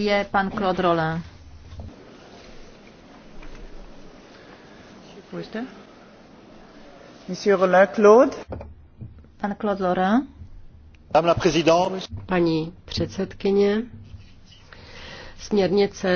je pan Claude Rollin. Monsieur Rollin, Claude. Pan Claude Rollin. Paní předsedkyně, Směrnice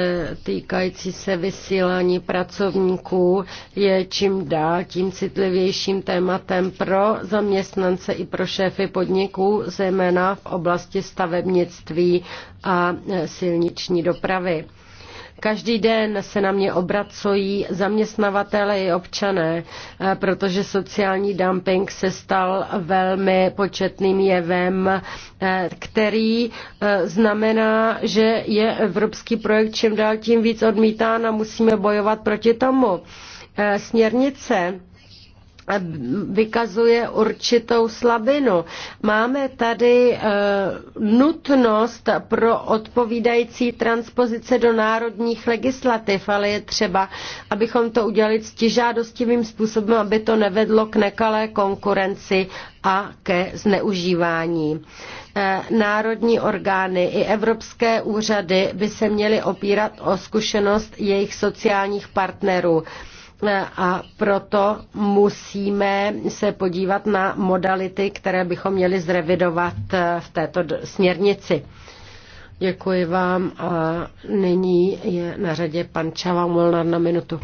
týkající se vysílání pracovníků je čím dál tím citlivějším tématem pro zaměstnance i pro šéfy podniků, zejména v oblasti stavebnictví a silniční dopravy. Každý den se na mě obracují zaměstnavatele i občané, eh, protože sociální dumping se stal velmi početným jevem, eh, který eh, znamená, že je evropský projekt čím dál tím víc odmítán a musíme bojovat proti tomu. Směrnice vykazuje určitou slabinu. Máme tady eh, nutnost pro odpovídající transpozice do národních legislativ, ale je třeba, abychom to udělali ctižádostivým způsobem, aby to nevedlo k nekalé konkurenci a ke zneužívání. Eh, národní orgány i evropské úřady by se měly opírat o zkušenost jejich sociálních partnerů a proto musíme se podívat na modality, které bychom měli zrevidovat eh, v této směrnici. Děkuji vám a nyní je na řadě pan Čava Molnar na minutu.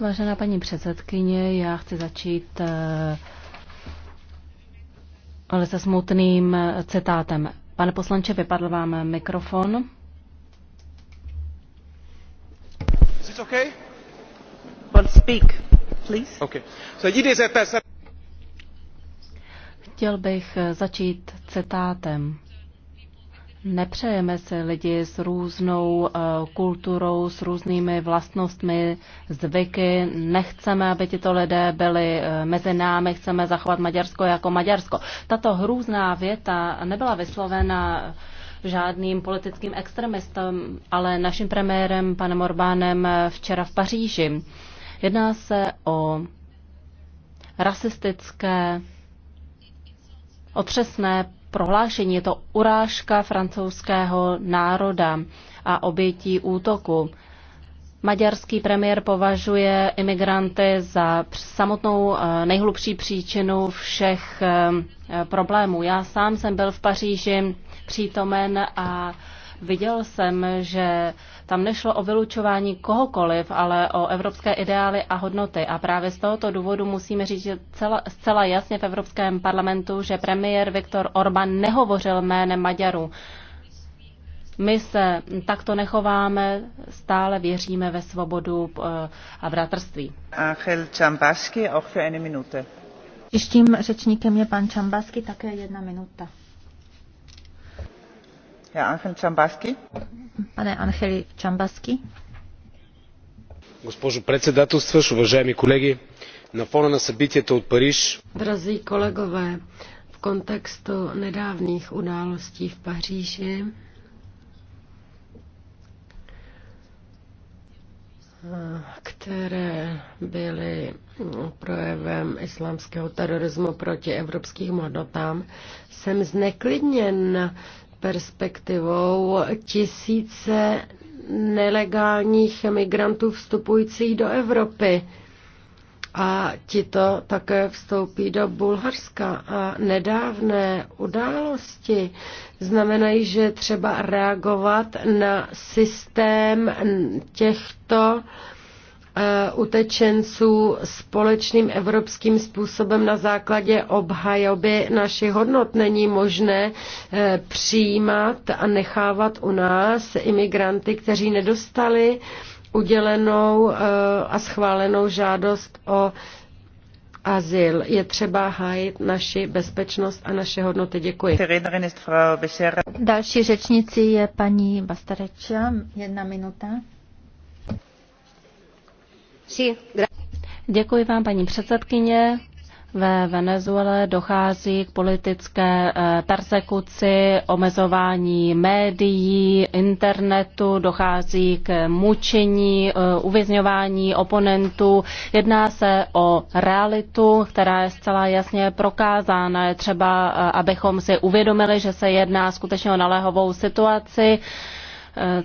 Vážená paní předsedkyně, já chci začít uh, ale se smutným citátem. Pane poslanče, vypadl vám mikrofon. Is it okay? Well, speak, please. Okay. So idézettel Chtěl bych začít citátem. Nepřejeme se lidi s různou eh, kulturou, s různými vlastnostmi, zvyky. Nechceme, aby tyto lidé byli eh, mezi námi, chceme zachovat Maďarsko jako Maďarsko. Tato hrůzná věta nebyla vyslovena žádným politickým extremistem, ale naším premiérem, panem Orbánem, eh, včera v Paříži. Jedná se o rasistické, otřesné prohlášení. Je to urážka francouzského národa a obětí útoku. Maďarský premiér považuje imigranty za samotnou eh, nejhlubší příčinu všech eh, problémů. Já sám jsem byl v Paříži přítomen a Viděl jsem, že tam nešlo o vylučování kohokoliv, ale o evropské ideály a hodnoty. A právě z tohoto důvodu musíme říct že celá, zcela jasně v Evropském parlamentu, že premiér Viktor Orbán nehovořil jménem Maďarů. My se takto nechováme, stále věříme ve svobodu eh, a bratrství. Angel Čambasky, auch für eine Minute. Příštím řečníkem je pan Čambasky, také jedna minuta. Pane Госпожо председателстващ, уважаеми колеги, на фона на събитията от Париж... Drazí kolegové, v kontextu nedávných událostí v Paříži které byly projevem islámského terorismu proti evropským hodnotám, jsem zneklidněn perspektivou tisíce nelegálních migrantů vstupujících do Evropy. A tito také vstoupí do Bulharska. A nedávné události znamenají, že třeba reagovat na systém těchto Eh, utečenců společným evropským způsobem na základě obhajoby našich hodnot. Není možné eh, přijímat a nechávat u nás imigranty, kteří nedostali udělenou eh, a schválenou žádost o azyl. Je třeba hájit naši bezpečnost a naše hodnoty. Děkuji. Další řečnici je paní Bastareča. Jedna minuta. Děkuji vám, paní předsedkyně. Ve Venezuele dochází k politické eh, persekuci, omezování médií, internetu, dochází k mučení, eh, uvězňování oponentů. Jedná se o realitu, která je zcela jasně prokázána. Je třeba, eh, abychom si uvědomili, že se jedná skutečně o naléhovou situaci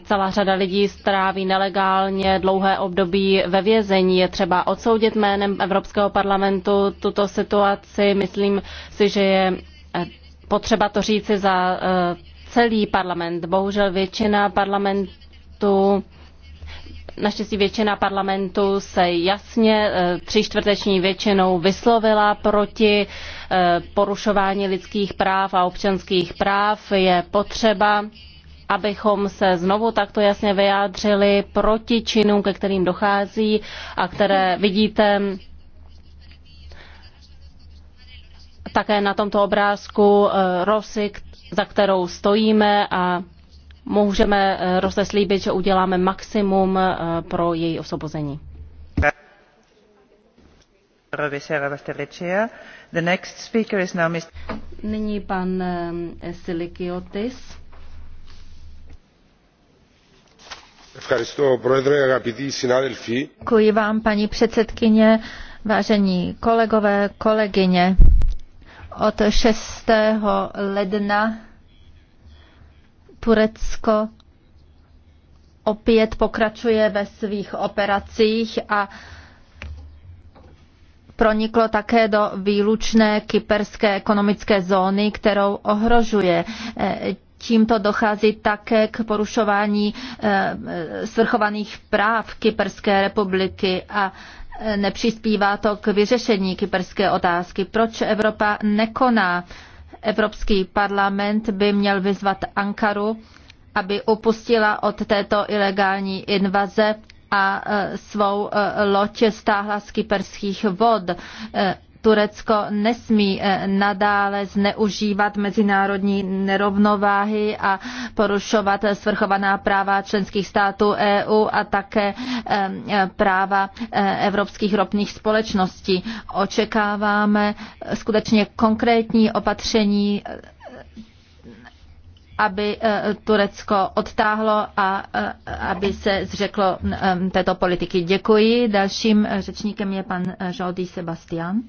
Celá řada lidí stráví nelegálně dlouhé období ve vězení. Je třeba odsoudit jménem Evropského parlamentu tuto situaci. Myslím si, že je eh, potřeba to říci za eh, celý parlament. Bohužel většina parlamentu Naštěstí většina parlamentu se jasně eh, tři čtvrteční většinou vyslovila proti porušování lidských práv a občanských práv. Je potřeba abychom se znovu takto jasně vyjádřili proti činům, ke kterým dochází a které vidíte také na tomto obrázku eh, Rosy, za kterou stojíme a můžeme eh, Rose slíbit, že uděláme maximum eh, pro její osvobození. Nyní pan Silikiotis. Děkuji vám, paní předsedkyně, vážení kolegové, kolegyně. Od 6. ledna Turecko opět pokračuje ve svých operacích a proniklo také do výlučné kyperské ekonomické zóny, kterou ohrožuje. Tímto dochází také k porušování eh, svrchovaných práv Kyperské republiky a eh, nepřispívá to k vyřešení kyperské otázky. Proč Evropa nekoná? Evropský parlament by měl vyzvat Ankaru, aby upustila od této ilegální invaze a eh, svou loď stáhla z kyperských vod. Turecko nesmí eh, nadále zneužívat mezinárodní nerovnováhy a porušovat svrchovaná práva členských států EU a také eh, eh, práva evropských ropných společností. Očekáváme skutečně konkrétní opatření aby Turecko odtáhlo a aby se zřeklo této politiky. Děkuji. Dalším řečníkem je pan Jody Sebastian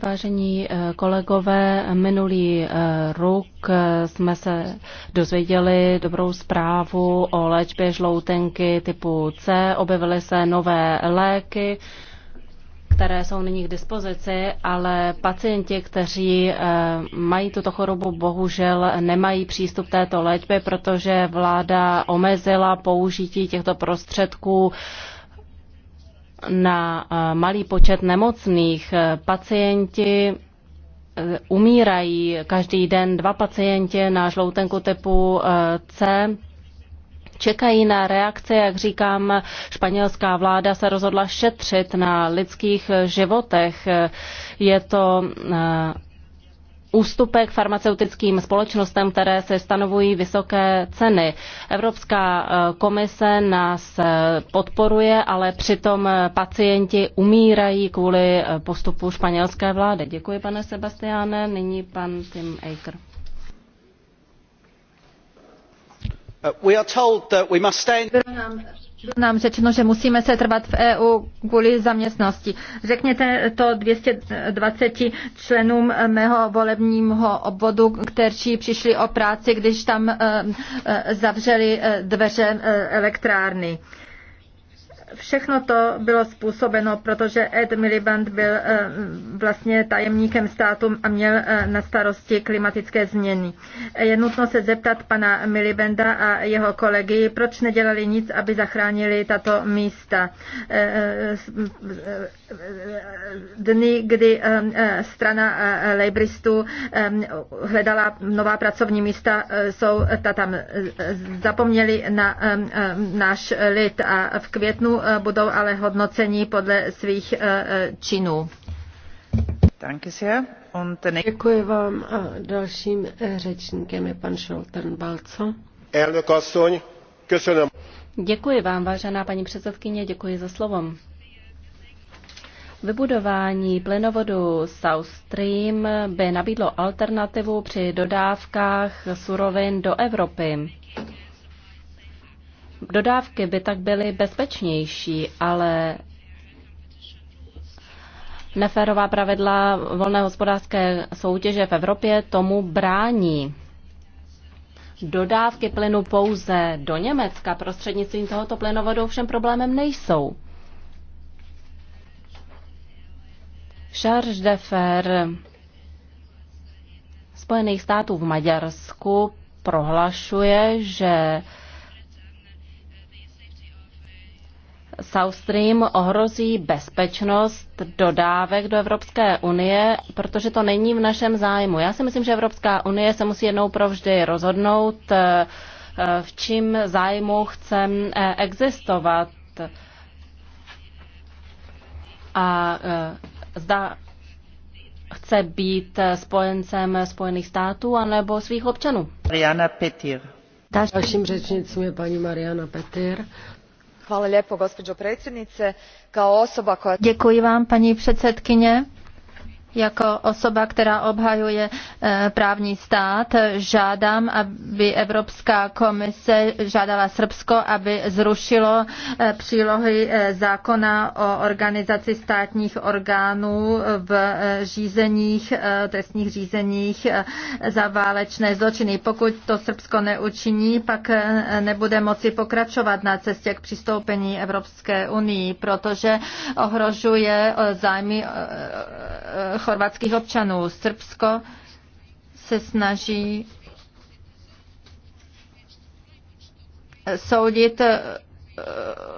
vážení eh, kolegové. Minulý eh, rok eh, jsme se dozvěděli dobrou zprávu o léčbě žloutenky typu C. Objevily se nové léky které jsou nyní k dispozici, ale pacienti, kteří eh, mají tuto chorobu, bohužel nemají přístup této léčbě, protože vláda omezila použití těchto prostředků na eh, malý počet nemocných. Pacienti eh, umírají každý den dva pacienti na žloutenku typu C čekají na reakce, jak říkám, španělská vláda se rozhodla šetřit na lidských životech. Je to eh, ústupek farmaceutickým společnostem, které se stanovují vysoké ceny. Evropská eh, komise nás eh, podporuje, ale přitom pacienti umírají kvůli postupu španělské vlády. Děkuji, pane Sebastiáne. Nyní pan Tim Aker. Bylo nám, řečeno, že musíme se trvat v EU kvůli zaměstnosti. Řekněte to 220 členům mého volebního obvodu, kteří přišli o práci, když tam eh, eh, zavřeli eh, dveře elektrárny. Všechno to bylo způsobeno, protože Ed Miliband byl eh, vlastně tajemníkem státu a měl eh, na starosti klimatické změny. Je nutno se zeptat pana Milibanda a jeho kolegy, proč nedělali nic, aby zachránili tato místa. Eh, dny, kdy strana Labouristů hledala nová pracovní místa, jsou ta tam zapomněli na náš lid a v květnu Eh, budou ale hodnoceni podle svých eh, eh, činů. Děkuji vám a dalším řečníkem je pan Šoltern Balco. Děkuji vám, vážená paní předsedkyně, děkuji za slovo. Vybudování plynovodu South Stream by nabídlo alternativu při dodávkách surovin do Evropy. Dodávky by tak byly bezpečnější, ale neférová pravidla volné hospodářské soutěže v Evropě tomu brání. Dodávky plynu pouze do Německa prostřednictvím tohoto plynovodu všem problémem nejsou. Charles de Fer Spojených států v Maďarsku prohlašuje, že South Stream ohrozí bezpečnost dodávek do Evropské unie, protože to není v našem zájmu. Já si myslím, že Evropská unie se musí jednou provždy rozhodnout, eh, eh, v čím zájmu chce eh, existovat. A zda chce být spojencem Spojených států anebo svých občanů. Mariana Petir. Dalším řečnicím je paní Mariana Petir. Děkuji vám, paní předsedkyně. Jako osoba, která obhajuje eh, právní stát, žádám, aby Evropská komise žádala Srbsko, aby zrušilo eh, přílohy eh, zákona o organizaci státních orgánů v řízeních, trestních řízeních za válečné zločiny. Pokud to Srbsko neučiní, pak nebude moci pokračovat na cestě k přistoupení Evropské unii, protože ohrožuje zájmy chorvatských občanů. Srbsko se snaží soudit eh,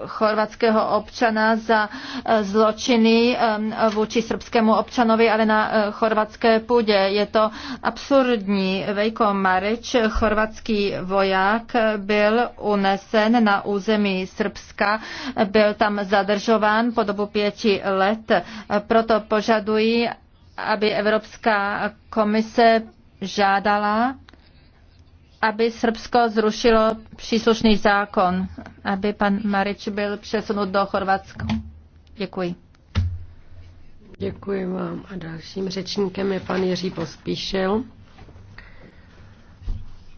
chorvatského občana za eh, zločiny eh, vůči srbskému občanovi, ale na chorvatské půdě. Je to absurdní. Vejko Mareč, chorvatský voják, byl unesen na území Srbska, byl tam zadržován po dobu pěti let. Proto požadují, aby Evropská komise žádala, aby Srbsko zrušilo příslušný zákon, aby pan Marič byl přesunut do Chorvatska. Děkuji. Děkuji vám. A dalším řečníkem je pan Jiří Pospíšil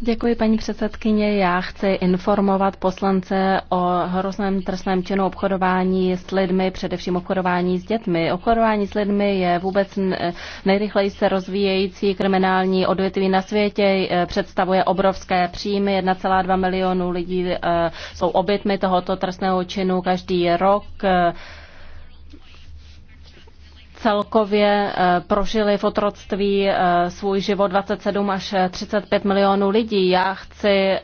Děkuji, paní předsedkyně. Já chci informovat poslance o hrozném trestném činu obchodování s lidmi, především obchodování s dětmi. Obchodování s lidmi je vůbec nejrychleji se rozvíjející kriminální odvětví na světě, představuje obrovské příjmy, 1,2 milionu lidí eh, jsou obětmi tohoto trestného činu každý rok. Eh, celkově eh, prožili v otroctví eh, svůj život 27 až 35 milionů lidí. Já chci eh,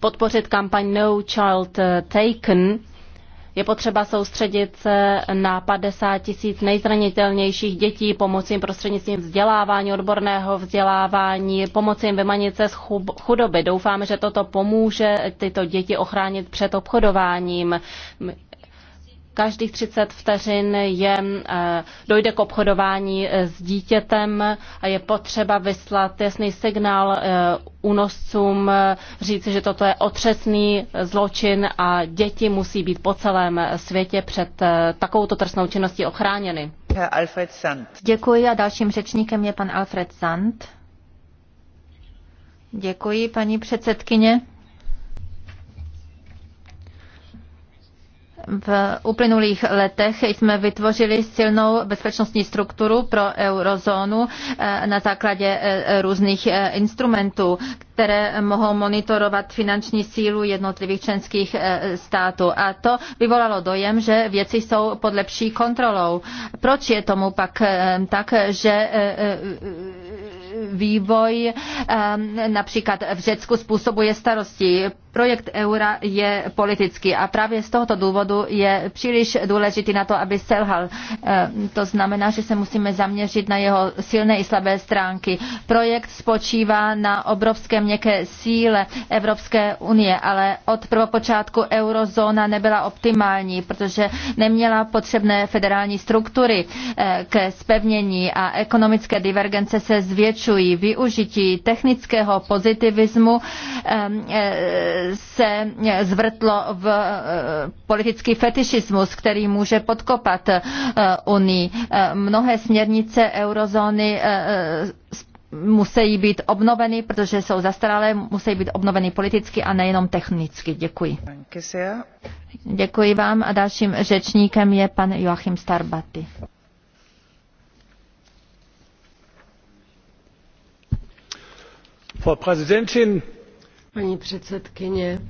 podpořit kampaň No Child Taken. Je potřeba soustředit se na 50 tisíc nejzranitelnějších dětí, pomoci jim prostřednictvím vzdělávání, odborného vzdělávání, pomoci jim vymanit se z chudoby. Doufáme, že toto pomůže tyto děti ochránit před obchodováním každých 30 vteřin je, eh, dojde k obchodování eh, s dítětem a je potřeba vyslat jasný signál eh, únoscům, říci, že toto je otřesný zločin a děti musí být po celém světě před takovouto trestnou činností ochráněny. Alfred Sand. Děkuji a dalším řečníkem je pan Alfred Sand. Děkuji, paní předsedkyně. V uplynulých letech jsme vytvořili silnou bezpečnostní strukturu pro eurozónu eh, na základě eh, různých eh, instrumentů, které mohou monitorovat finanční sílu jednotlivých členských eh, států. A to vyvolalo dojem, že věci jsou pod lepší kontrolou. Proč je tomu pak eh, tak, že eh, vývoj například v Řecku způsobuje starosti. Projekt eura je politický a právě z tohoto důvodu je příliš důležitý na to, aby selhal. To znamená, že se musíme zaměřit na jeho silné i slabé stránky. Projekt spočívá na obrovském měkké síle Evropské unie, ale od prvopočátku eurozóna nebyla optimální, protože neměla potřebné federální struktury eh, ke spevnění a ekonomické divergence se zvětšují. Využití technického pozitivismu ehm, eh, se zvrtlo v eh, politický fetišismus, který může podkopat Unii. Mnohé směrnice eurozóny musí být obnoveny, protože jsou zastaralé, musí být obnoveny politicky a nejenom technicky. Děkuji. Děkuji vám a dalším řečníkem je pan Joachim Starbaty. Paní předsedkyně,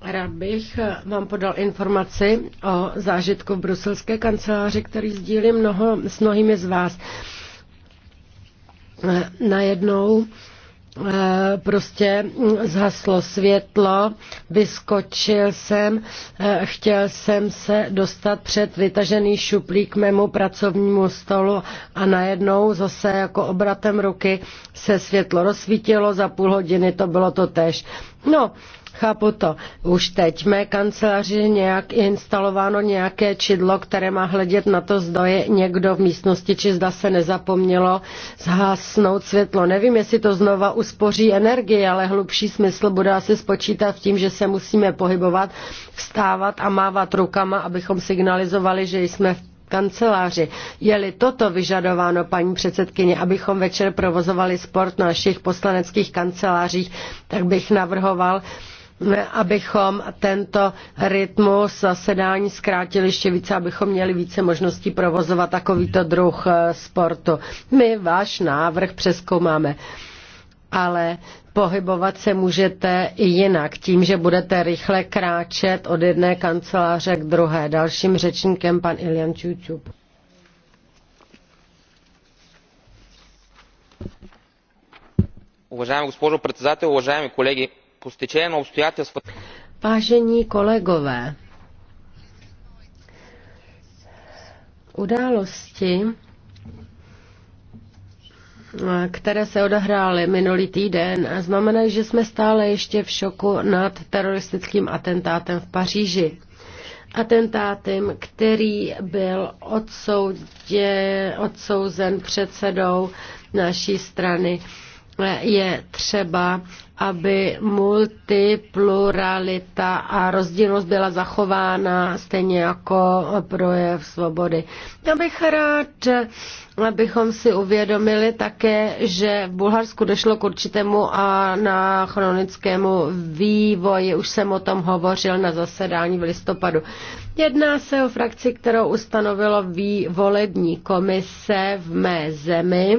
rád bych vám podal informaci o zážitku v bruselské kanceláři, který sdílím mnoho, s mnohými z vás. Eh, najednou eh, prostě zhaslo světlo, vyskočil jsem, eh, chtěl jsem se dostat před vytažený šuplík k mému pracovnímu stolu a najednou zase jako obratem ruky se světlo rozsvítilo, za půl hodiny to bylo to tež. No, chápu to. Už teď mé kanceláři nějak instalováno nějaké čidlo, které má hledět na to, zda je někdo v místnosti, či zda se nezapomnělo zhasnout světlo. Nevím, jestli to znova uspoří energii, ale hlubší smysl bude asi spočítat v tím, že se musíme pohybovat, vstávat a mávat rukama, abychom signalizovali, že jsme v kanceláři. Je-li toto vyžadováno, paní předsedkyně, abychom večer provozovali sport na našich poslaneckých kancelářích, tak bych navrhoval, abychom tento rytmus zasedání zkrátili ještě více, abychom měli více možností provozovat takovýto druh eh, sportu. My váš návrh přeskoumáme ale pohybovat se můžete i jinak, tím, že budete rychle kráčet od jedné kanceláře k druhé. Dalším řečníkem pan Ilian Čučup. Уважаема госпожо председател, уважаеми колеги, по стечение на обстоятелствата... Vážení kolegové, události, které se odehrály minulý týden, znamená, že jsme stále ještě v šoku nad teroristickým atentátem v Paříži. Atentátem, který byl odsoudě, odsouzen předsedou naší strany je třeba, aby multipluralita a rozdílnost byla zachována stejně jako projev svobody. Já bych rád, abychom si uvědomili také, že v Bulharsku došlo k určitému a na chronickému vývoji. Už jsem o tom hovořil na zasedání v listopadu. Jedná se o frakci, kterou ustanovilo volební komise v mé zemi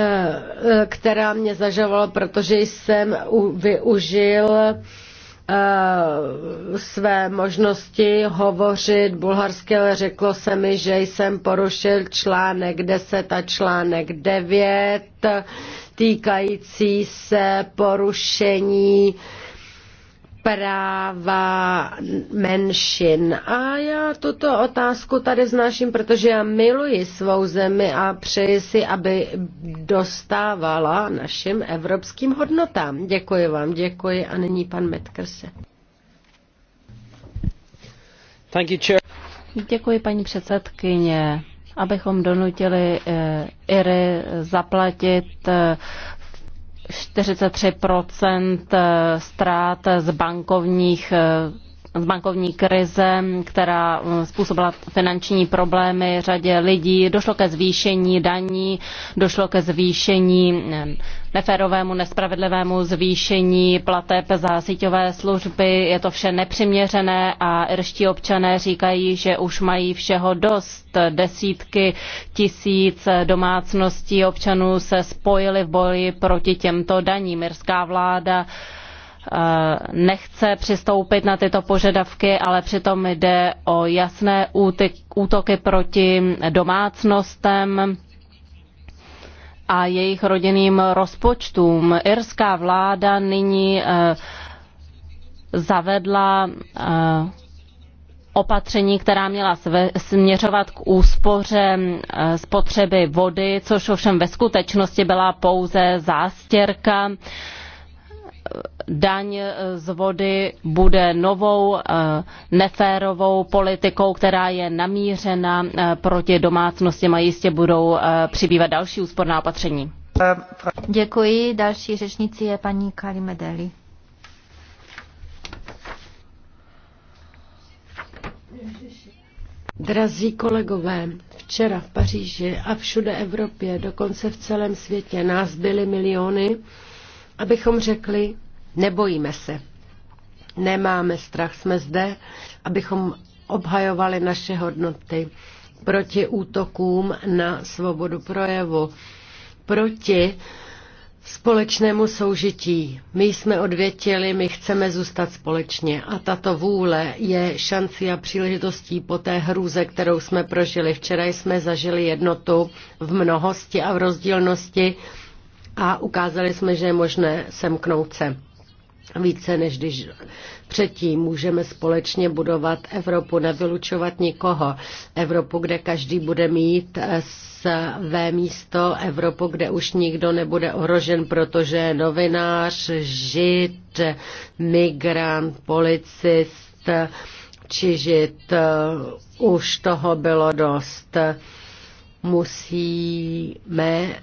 Eh, která mě zažovala, protože jsem využil eh, své možnosti hovořit bulharsky, ale řeklo se mi, že jsem porušil článek 10 a článek 9 týkající se porušení uh, práva menšin. A já tuto otázku tady znáším, protože já miluji svou zemi a přeji si, aby dostávala našim evropským hodnotám. Děkuji vám, děkuji a nyní pan Metkrse. Děkuji, paní předsedkyně abychom donutili eh, Iry zaplatit eh, 43 eh, ztrát z bankovních eh, z bankovní krize, která eh, způsobila finanční problémy řadě lidí. Došlo ke zvýšení daní, došlo ke zvýšení eh, neférovému, nespravedlivému zvýšení plateb za síťové služby. Je to vše nepřiměřené a irští občané říkají, že už mají všeho dost. Desítky tisíc domácností občanů se spojily v boji proti těmto daním. Irská vláda Eh, nechce přistoupit na tyto požadavky, ale přitom jde o jasné útoky proti domácnostem a jejich rodinným rozpočtům. Irská vláda nyní eh, zavedla eh, opatření, která měla směřovat k úspoře spotřeby vody, což ovšem ve skutečnosti byla pouze zástěrka daň z vody bude novou eh, neférovou politikou, která je namířena eh, proti domácnostem a jistě budou eh, přibývat další úsporná opatření. Děkuji. Další řečnici je paní Medeli. Drazí kolegové, včera v Paříži a všude Evropě, dokonce v celém světě, nás byly miliony, abychom řekli, nebojíme se, nemáme strach, jsme zde, abychom obhajovali naše hodnoty proti útokům na svobodu projevu, proti společnému soužití. My jsme odvětili, my chceme zůstat společně a tato vůle je šanci a příležitostí po té hrůze, kterou jsme prožili. Včera jsme zažili jednotu v mnohosti a v rozdílnosti a ukázali jsme, že je možné semknout se více, než když předtím můžeme společně budovat Evropu, nevylučovat nikoho. Evropu, kde každý bude mít eh, své místo, Evropu, kde už nikdo nebude ohrožen, protože je novinář, žid, migrant, policist či žid, eh, už toho bylo dost. Musíme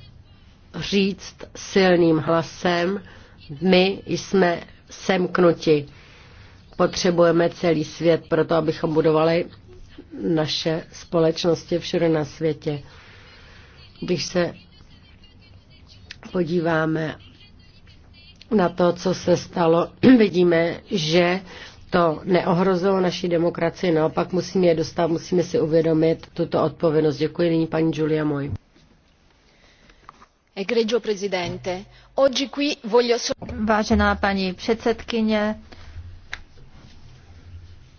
říct silným hlasem, my jsme semknuti. Potřebujeme celý svět proto, abychom budovali naše společnosti všude na světě. Když se podíváme na to, co se stalo, vidíme, že to neohrozilo naší demokracii, naopak musíme je dostat, musíme si uvědomit tuto odpovědnost. Děkuji nyní paní Julia Moj. Vážená paní předsedkyně,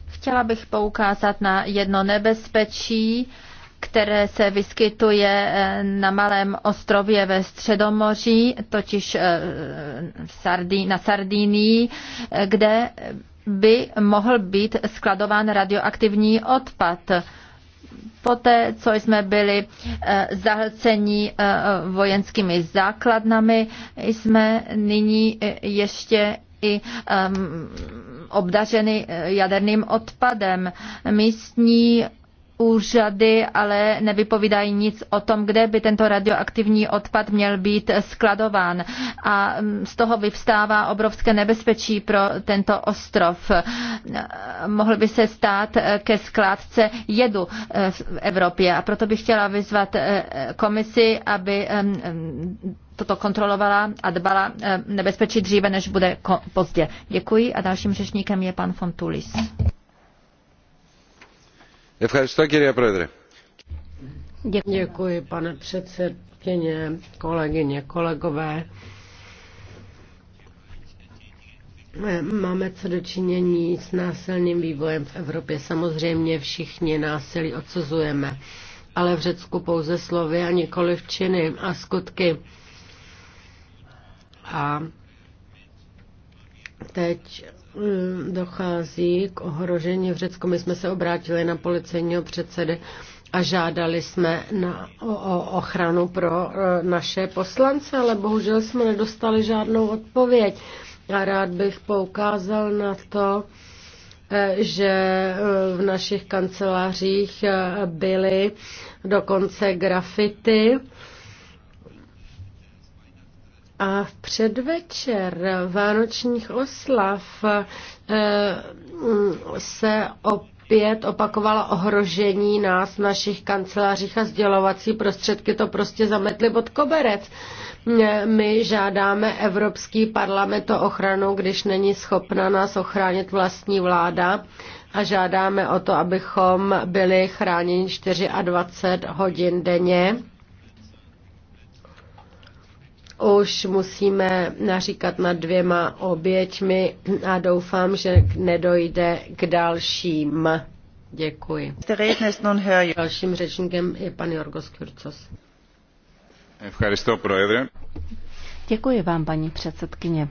chtěla bych poukázat na jedno nebezpečí, které se vyskytuje eh, na malém ostrově ve Středomoří, totiž eh, na Sardinii, eh, kde by mohl být skladován radioaktivní odpad poté, co jsme byli eh, zahlceni eh, vojenskými základnami, jsme nyní eh, ještě i um, jaderným odpadem. Místní úřady ale nevypovídají nic o tom, kde by tento radioaktivní odpad měl být skladován. A mm, z toho vyvstává obrovské nebezpečí pro tento ostrov. Mohl by se stát eh, ke skládce jedu eh, v Evropě. A proto bych chtěla vyzvat eh, komisi, aby toto kontrolovala a dbala nebezpečí dříve, než bude pozdě. Děkuji a dalším řečníkem je pan Fontulis. Děkuji. pane předsedkyně, kolegyně, kolegové. Máme co činění s násilným vývojem v Evropě. Samozřejmě všichni násilí odsuzujeme, ale v Řecku pouze slovy a nikoli činy a skutky. A teď Mm, dochází k ohrožení v Řecku. My jsme se obrátili na policejního předsedy a žádali jsme na, o, o ochranu pro e, naše poslance, ale bohužel jsme nedostali žádnou odpověď. A rád bych poukázal na to, e, že e, v našich kancelářích e, byly dokonce grafity, a v předvečer vánočních oslav eh, mm, se opět opakovala ohrožení nás našich kancelářích a sdělovací prostředky to prostě zametly pod koberec. Eh, My žádáme Evropský parlament o ochranu, když není schopna nás ochránit vlastní vláda a žádáme o to, abychom byli chráněni 24 hodin denně už musíme naříkat nad dvěma oběťmi a doufám, že nedojde k dalším. Děkuji. Dalším řečníkem je pan Jorgos Kurcos. Děkuji vám, paní předsedkyně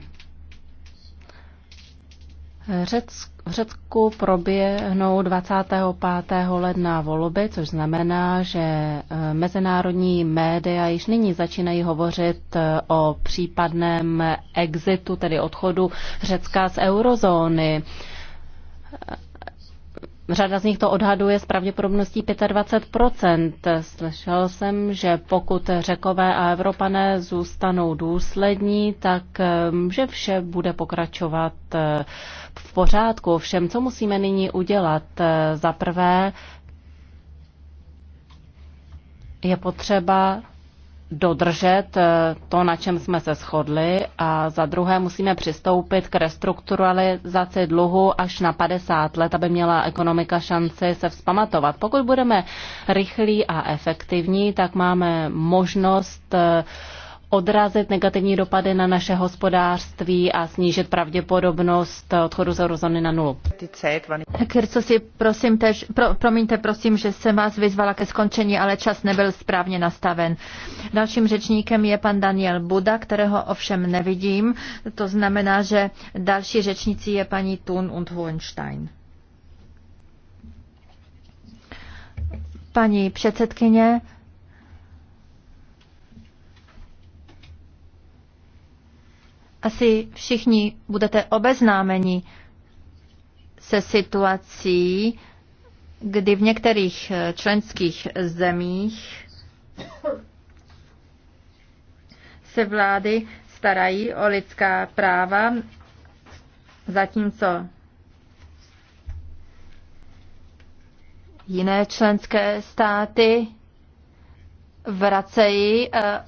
v Řecku proběhnou 25. ledna volby, což znamená, že e, mezinárodní média již nyní začínají hovořit e, o případném exitu, tedy odchodu Řecka z eurozóny. E, řada z nich to odhaduje s pravděpodobností 25%. Slyšel jsem, že pokud Řekové a Evropané zůstanou důslední, tak že vše bude pokračovat v pořádku. Všem, co musíme nyní udělat, eh, za prvé je potřeba dodržet eh, to, na čem jsme se shodli a za druhé musíme přistoupit k restrukturalizaci dluhu až na 50 let, aby měla ekonomika šanci se vzpamatovat. Pokud budeme rychlí a efektivní, tak máme možnost uh, odrazit negativní dopady na naše hospodářství a snížit pravděpodobnost odchodu z eurozóny na nulu. Kyrco si prosím tež, pro, promiňte prosím, že jsem vás vyzvala ke skončení, ale čas nebyl správně nastaven. Dalším řečníkem je pan Daniel Buda, kterého ovšem nevidím. To znamená, že další řečnicí je paní Thun und Hohenstein. Paní předsedkyně, Asi všichni budete obeznámeni se situací, kdy v některých eh, členských zemích se vlády starají o lidská práva, zatímco jiné členské státy vracejí eh,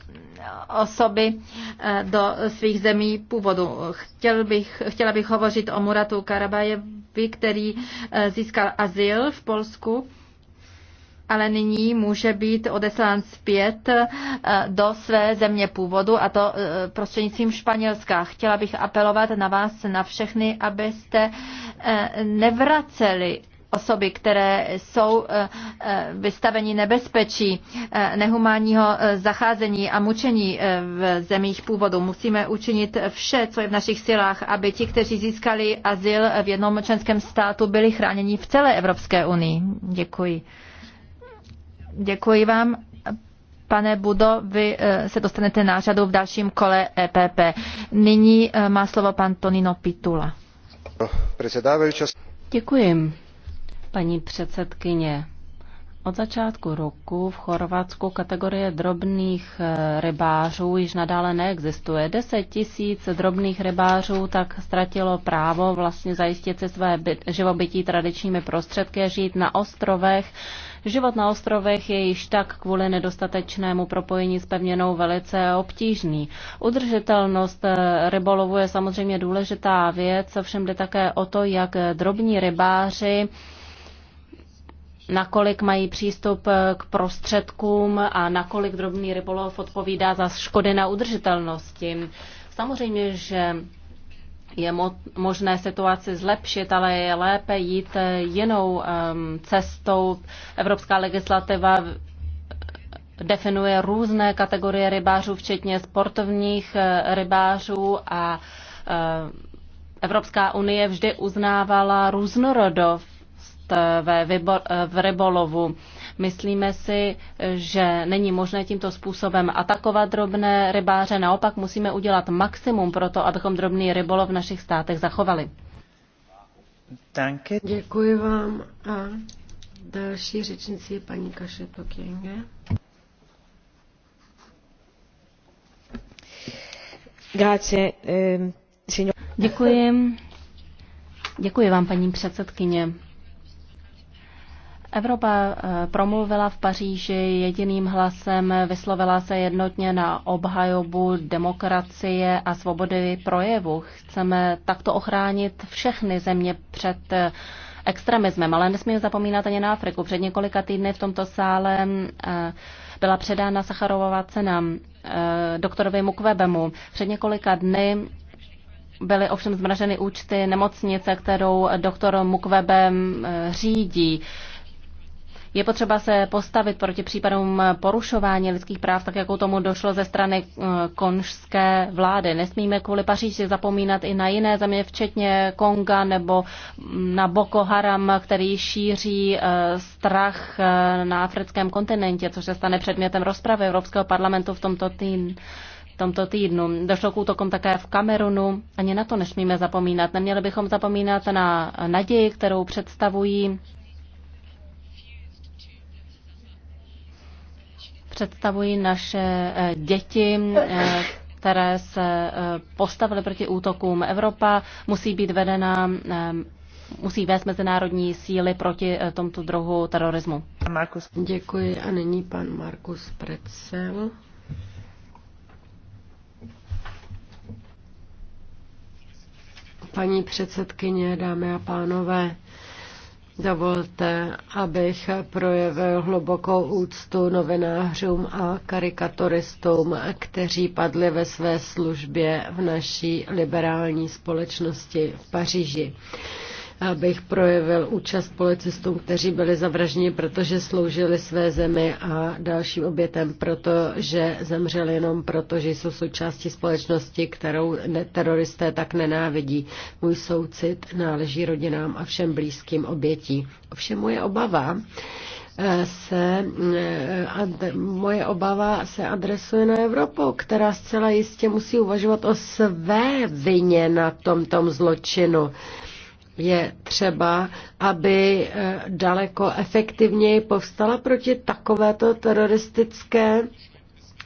osoby eh, do svých zemí původu. Chtěl bych, chtěla bych hovořit o Muratu Karabajevi, který eh, získal azyl v Polsku ale nyní může být odeslán zpět eh, do své země původu a to prostřednictvím Španělska. Chtěla bych apelovat na vás, na všechny, abyste nevraceli osoby, které jsou eh, eh, vystaveni nebezpečí eh, nehumánního zacházení a mučení v zemích původu. Musíme učinit vše, co je v našich silách, aby ti, kteří získali azyl v jednom členském státu, byli chráněni v celé Evropské unii. Děkuji. Děkuji vám. Pane Budo, vy se dostanete na řadu v dalším kole EPP. Nyní má slovo pan Tonino Pitula. Děkuji. Paní předsedkyně, od začátku roku v Chorvatsku kategorie drobných eh, rybářů již nadále neexistuje. 10 tisíc drobných rybářů tak ztratilo právo vlastně zajistit si své živobytí tradičními prostředky a žít na ostrovech. Život na ostrovech je již tak kvůli nedostatečnému propojení s pevněnou velice obtížný. Udržitelnost eh, rybolovu je samozřejmě důležitá věc, ovšem jde také o to, jak drobní rybáři nakolik mají přístup k prostředkům a nakolik drobný rybolov odpovídá za škody na udržitelnosti. Samozřejmě, že je mo- možné situaci zlepšit, ale je lépe jít eh, jinou um, cestou. Evropská legislativa definuje různé kategorie rybářů, včetně sportovních eh, rybářů a eh, Evropská unie vždy uznávala různorodost Eh, ve, vybor, eh, v rybolovu. Myslíme si, že není možné tímto způsobem atakovat drobné rybáře, naopak musíme udělat maximum pro to, abychom drobný rybolov v našich státech zachovali. Danke. Děkuji vám a další řečnici je paní Kaše Pokěnge. Grazie, eh, Děkuji. Děkuji vám, paní předsedkyně. Evropa eh, promluvila v Paříži jediným hlasem, vyslovila se jednotně na obhajobu demokracie a svobody projevu. Chceme takto ochránit všechny země před eh, extremismem, ale nesmíme zapomínat ani na Afriku. Před několika týdny v tomto sále eh, byla předána Sacharovová cena doktorovi Mukwebemu. Před několika dny byly ovšem zmraženy účty nemocnice, kterou doktor Mukwebe řídí. Je potřeba se postavit proti případům porušování lidských práv, tak jako tomu došlo ze strany eh, konžské vlády. Nesmíme kvůli Paříži zapomínat i na jiné země, včetně Konga nebo mm, na Boko Haram, který šíří eh, strach eh, na africkém kontinentě, což se stane předmětem rozpravy Evropského parlamentu v tomto týdnu tomto týdnu. Došlo k útokům také v Kamerunu. Ani na to nesmíme zapomínat. Neměli bychom zapomínat na naději, kterou představují představují naše eh, děti, eh, které se eh, postavily proti útokům. Evropa musí být vedena, musí vést mezinárodní síly proti tomto druhu terorismu. Markus. Děkuji a nyní pan Markus Precel. Paní předsedkyně, dámy a pánové, Dovolte, abych projevil hlubokou úctu novinářům a karikaturistům, kteří padli ve své službě v naší liberální společnosti v Paříži abych projevil účast policistům, kteří byli zavražděni, protože sloužili své zemi a dalším obětem, protože zemřeli jenom proto, že jsou součástí společnosti, kterou teroristé tak nenávidí. Můj soucit náleží rodinám a všem blízkým obětí. Ovšem moje obava, eh, se, eh, moje obava se adresuje na Evropu, která zcela jistě musí uvažovat o své vině na tomto zločinu je třeba, aby eh, daleko efektivněji povstala proti takovéto teroristické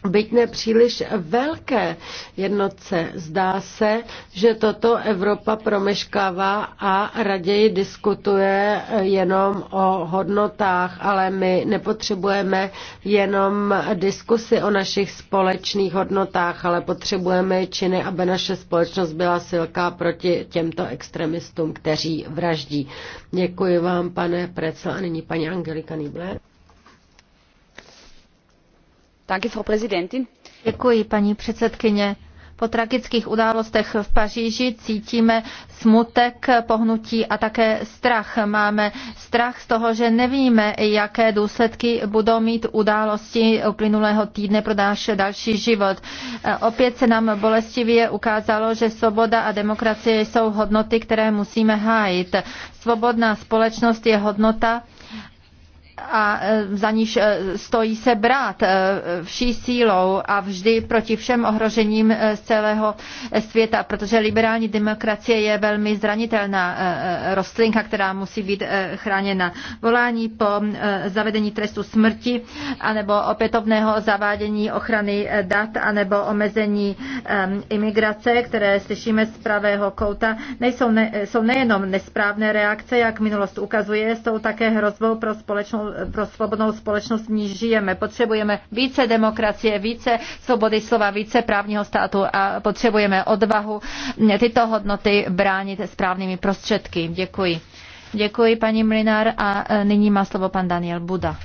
byť nepříliš velké jednotce. Zdá se, že toto Evropa promeškává a raději diskutuje jenom o hodnotách, ale my nepotřebujeme jenom diskusy o našich společných hodnotách, ale potřebujeme činy, aby naše společnost byla silká proti těmto extremistům, kteří vraždí. Děkuji vám, pane Precel, a nyní paní Angelika Nibler. Děkuji, paní předsedkyně. Po tragických událostech v Paříži cítíme smutek, pohnutí a také strach. Máme strach z toho, že nevíme, jaké důsledky budou mít události uplynulého týdne pro náš další život. Opět se nám bolestivě ukázalo, že svoboda a demokracie jsou hodnoty, které musíme hájit. Svobodná společnost je hodnota, a e, za níž e, stojí se brát e, vší sílou a vždy proti všem ohrožením z celého světa, protože liberální demokracie je velmi zranitelná rostlinka, která musí být chráněna. Volání po zavedení trestu smrti anebo opětovného zavádění ochrany dat anebo omezení imigrace, které slyšíme z pravého kouta, nejsou ne, jsou nejenom nesprávné reakce, jak minulost ukazuje, jsou také hrozbou pro společnou pro svobodnou společnost, v níž žijeme. Potřebujeme více demokracie, více svobody slova, více právního státu a potřebujeme odvahu tyto hodnoty bránit správnými prostředky. Děkuji. Děkuji paní Mlinár a e, nyní má slovo pan Daniel Buda.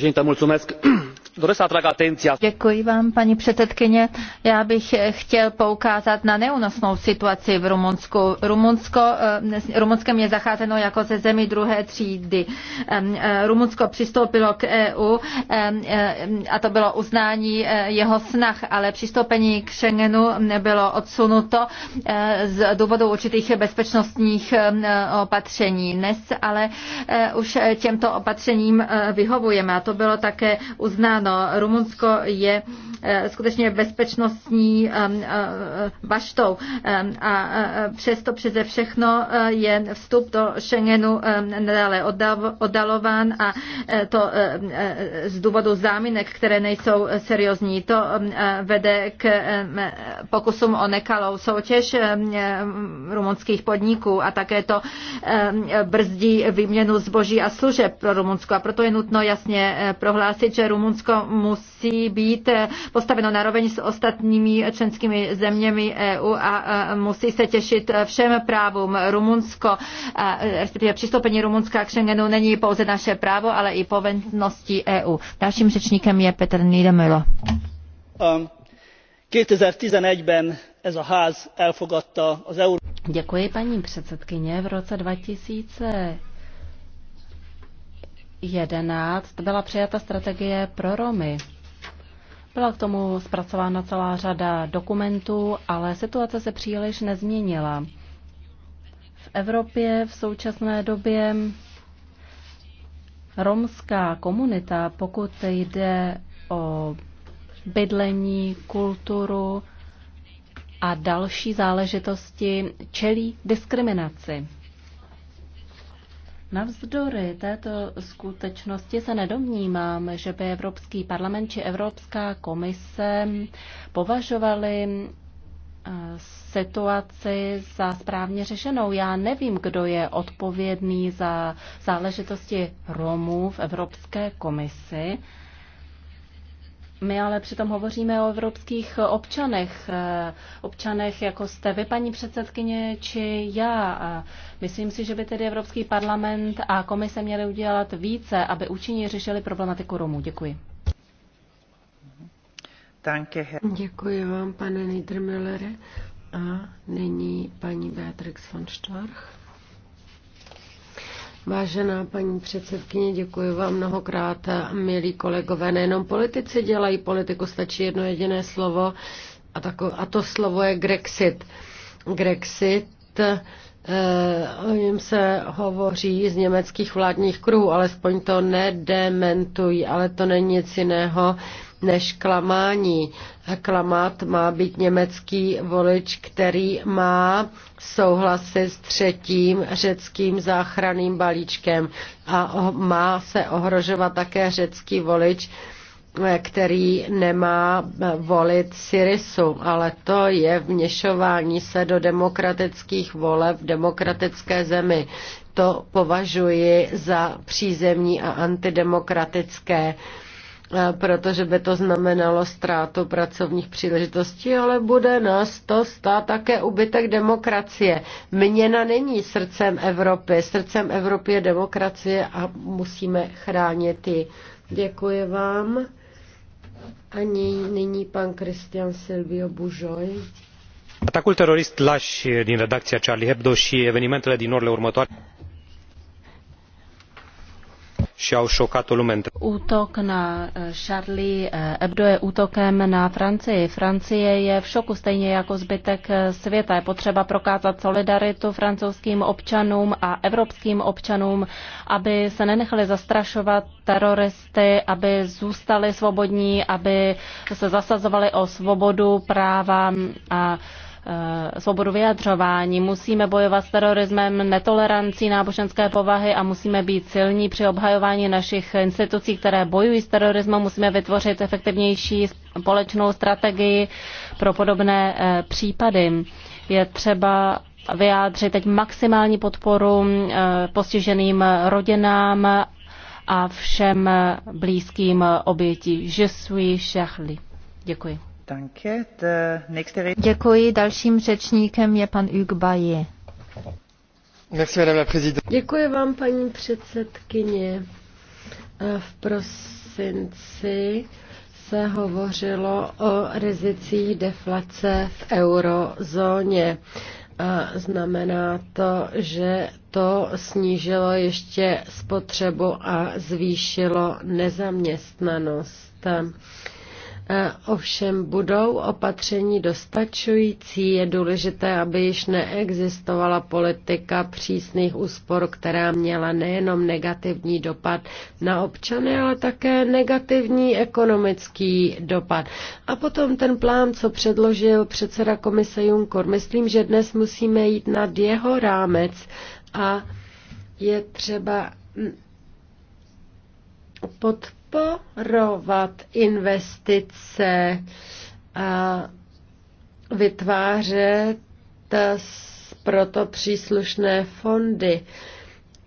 Děkuji vám, paní předsedkyně. Já bych eh, chtěl poukázat na neúnosnou situaci v Rumunsku. Rumunsko, eh, Rumunskem je zacházeno jako ze zemí druhé třídy. Eh, Rumunsko přistoupilo k EU a to bylo uznání jeho snah, ale přistoupení k Schengenu nebylo odsunuto z důvodu určitých bezpečnostních opatření. Dnes ale už těmto opatřením vyhovujeme a to to bylo také uznáno. Rumunsko je eh, skutečně bezpečnostní eh, eh, baštou a přesto přeze všechno je vstup do Schengenu nadále oddalován a to z důvodu záminek, které nejsou seriózní. To vede k pokusům o nekalou soutěž rumunských podniků a také to brzdí výměnu zboží a služeb pro Rumunsko a proto je nutno jasně prohlásit, že Rumunsko musí být postaveno na roveň s ostatními členskými zeměmi EU a e, musí se těšit všem právům. Rumunsko, e, respektive přistoupení Rumunska k Schengenu není pouze naše právo, ale i povinností EU. Dalším řečníkem je Petr Niedemöller. Um, 2011-ben ez a ház elfogadta az Euró... Děkuji paní předsedkyně. V roce 2000 2011 byla přijata strategie pro Romy. Byla k tomu zpracována celá řada dokumentů, ale situace se příliš nezměnila. V Evropě v současné době romská komunita, pokud jde o bydlení, kulturu a další záležitosti, čelí diskriminaci. Navzdory této skutečnosti se nedomnívám, že by Evropský parlament či Evropská komise považovali eh, situaci za správně řešenou. Já nevím, kdo je odpovědný za záležitosti Romů v Evropské komisi, my ale přitom hovoříme o evropských občanech, eh, občanech jako jste vy, paní předsedkyně, či já. Myslím si, že by tedy Evropský parlament a komise měly udělat více, aby účinně řešili problematiku Romů. Děkuji. Děkuji vám, pane Niedermüllere. A nyní paní Beatrix von Storch. Vážená paní předsedkyně, děkuji vám mnohokrát, milí kolegové. Nejenom politici dělají politiku, stačí jedno jediné slovo a, tako, a to slovo je Grexit. Grexit Eh, o něm se hovoří z německých vládních kruhů, alespoň to nedementují, ale to není nic jiného než klamání. Klamat má být německý volič, který má souhlasit s třetím řeckým záchranným balíčkem a má se ohrožovat také řecký volič, který nemá volit Syrisu, ale to je vněšování se do demokratických voleb v demokratické zemi. To považuji za přízemní a antidemokratické eh, protože by to znamenalo ztrátu pracovních příležitostí, ale bude nás to stát také ubytek demokracie. Měna není srdcem Evropy. Srdcem Evropy je demokracie a musíme chránit ji. Děkuji vám. A nyní pan Christian Silvio Bujoy. Atacul terorist lași din redacția Charlie Hebdo și evenimentele din orele următoare și au șocat o lume întreagă. Útok na eh, Charlie eh, Hebdo je útokem na Francii. Francie je v šoku stejně jako zbytek eh, světa. Je potřeba prokázat solidaritu francouzským občanům a evropským občanům, aby se nenechali zastrašovat teroristy, aby zůstali svobodní, aby se zasazovali o svobodu, práva a Eh, svobodu vyjadřování. Musíme bojovat s terorismem, netolerancí náboženské povahy a musíme být silní při obhajování našich institucí, které bojují s terorismem. Musíme vytvořit efektivnější společnou strategii pro podobné eh, případy. Je třeba vyjádřit teď maximální podporu eh, postiženým rodinám a všem blízkým obětí. Je suis Charlie. Děkuji. Děkuji. Dalším řečníkem je pan Ugbaji. Děkuji vám, paní předsedkyně. V prosinci se hovořilo o rizicích deflace v eurozóně. A znamená to, že to snížilo ještě spotřebu a zvýšilo nezaměstnanost. E, ovšem budou opatření dostačující. Je důležité, aby již neexistovala politika přísných úspor, která měla nejenom negativní dopad na občany, ale také negativní ekonomický dopad. A potom ten plán, co předložil předseda komise Juncker. Myslím, že dnes musíme jít nad jeho rámec a je třeba podporovat investice a vytvářet proto příslušné fondy.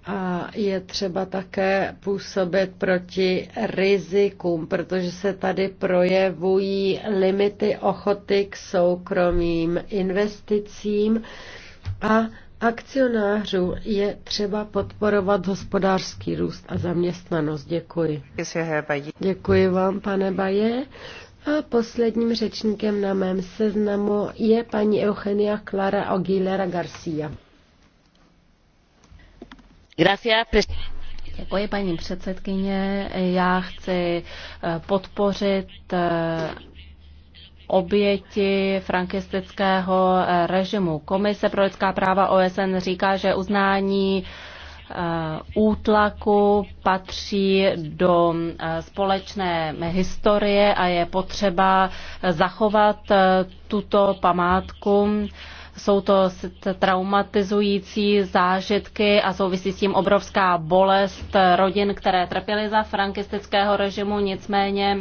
A je třeba také působit proti rizikům, protože se tady projevují limity ochoty k soukromým investicím a akcionářů je třeba podporovat hospodářský růst a zaměstnanost. Děkuji. Děkuji vám, pane Baje. A posledním řečníkem na mém seznamu je paní Eugenia Clara Aguilera Garcia. Děkuji, paní předsedkyně. Já chci eh, podpořit eh, oběti frankistického eh, režimu. Komise pro lidská práva OSN říká, že uznání eh, útlaku patří do eh, společné historie a je potřeba zachovat tuto památku. Jsou to traumatizující zážitky a souvisí s tím obrovská bolest rodin, které trpěly za frankistického režimu, nicméně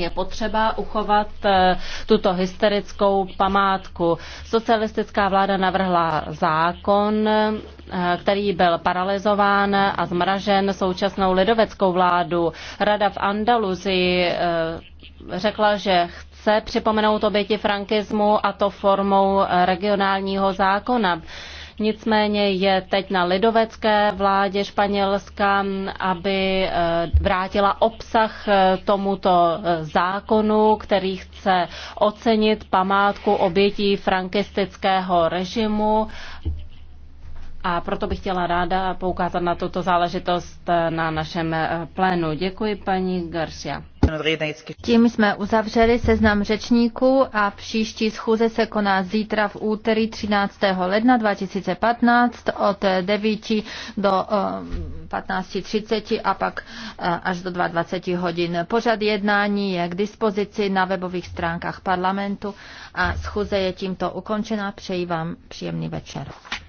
je potřeba uchovat eh, tuto hysterickou památku. Socialistická vláda navrhla zákon, eh, který byl paralizován a zmražen současnou lidoveckou vládu. Rada v Andaluzii eh, řekla, že chce připomenout oběti frankismu a to formou regionálního zákona. Nicméně je teď na lidovecké vládě Španělska, aby eh, vrátila obsah eh, tomuto eh, zákonu, který chce ocenit památku obětí frankistického režimu. A proto bych chtěla ráda poukázat na tuto záležitost na našem plénu. Děkuji, paní Garcia. Tím jsme uzavřeli seznam řečníků a příští schůze se koná zítra v úterý 13. ledna 2015 od 9 do 15.30 eh, a pak eh, až do 22 hodin. Pořad jednání je k dispozici na webových stránkách parlamentu a schůze je tímto ukončena. Přeji vám příjemný večer.